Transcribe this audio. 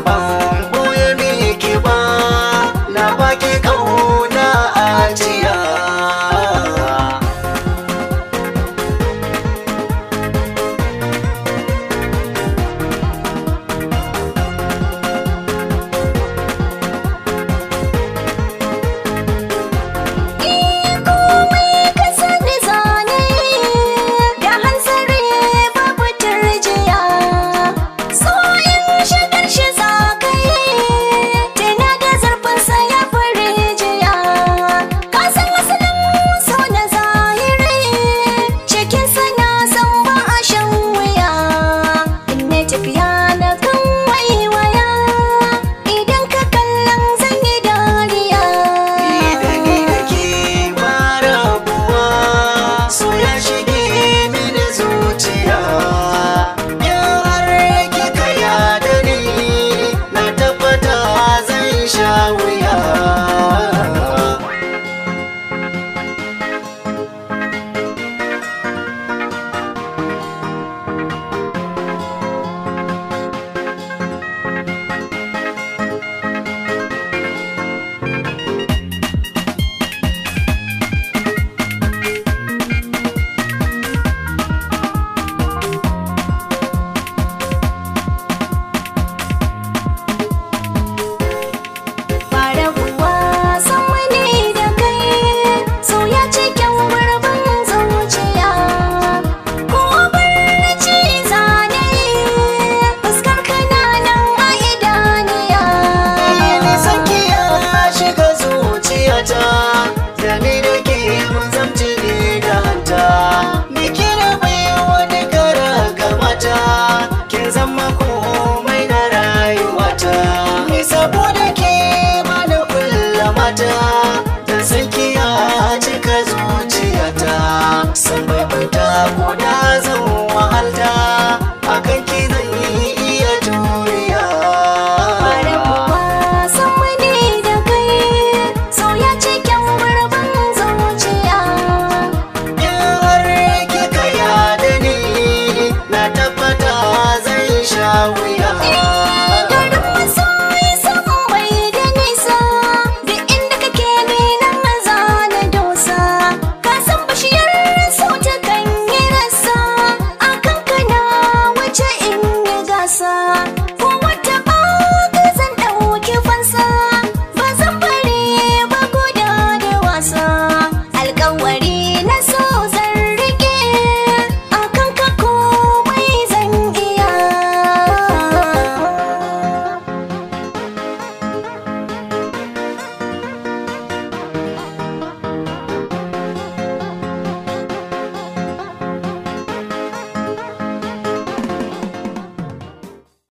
bye. mata